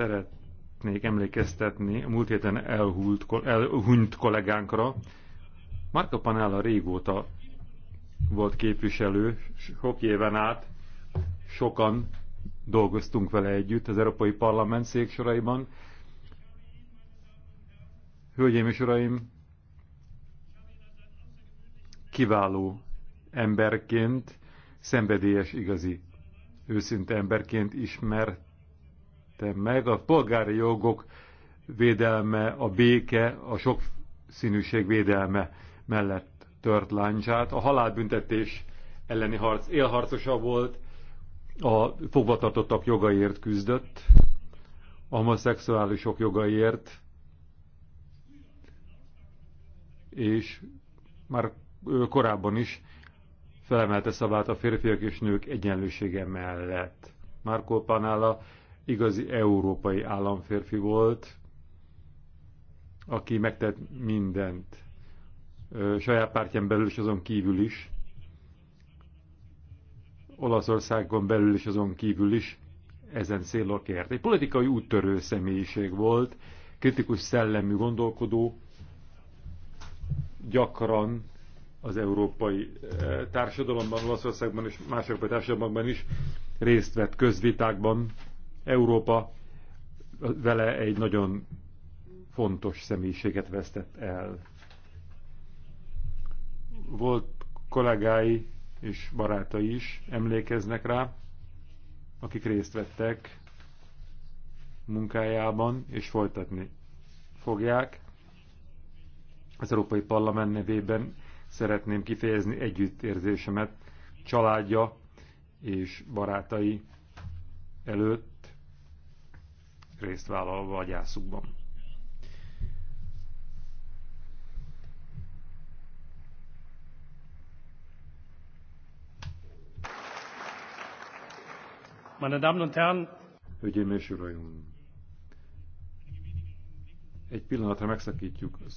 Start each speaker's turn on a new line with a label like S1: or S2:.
S1: szeretnék emlékeztetni a múlt héten elhult, elhunyt kollégánkra. Marco Panella régóta volt képviselő, sok éven át sokan dolgoztunk vele együtt az Európai Parlament széksoraiban. Hölgyeim és Uraim, kiváló emberként, szenvedélyes, igazi, őszinte emberként ismert tette meg. A polgári jogok védelme, a béke, a sokszínűség védelme mellett tört láncsát. A halálbüntetés elleni harc élharcosa volt, a fogvatartottak jogaiért küzdött, a homoszexuálisok jogaiért, és már korábban is felemelte szabát a férfiak és nők egyenlősége mellett. Marco Panella igazi európai államférfi volt, aki megtett mindent saját pártján belül és azon kívül is, Olaszországon belül és azon kívül is ezen célokért. Egy politikai úttörő személyiség volt, kritikus szellemű gondolkodó, gyakran az európai társadalomban, Olaszországban és más európai társadalomban is részt vett közvitákban, Európa vele egy nagyon fontos személyiséget vesztett el. Volt kollégái és barátai is emlékeznek rá, akik részt vettek munkájában, és folytatni fogják. Az Európai Parlament nevében szeretném kifejezni együttérzésemet családja és barátai előtt, részt vállalva a gyászukban. Meine Damen und Herren, Hölgyeim és Uraim! Egy pillanatra megszakítjuk